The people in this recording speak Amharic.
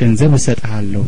ገንዘብ እሰጥሃለሁ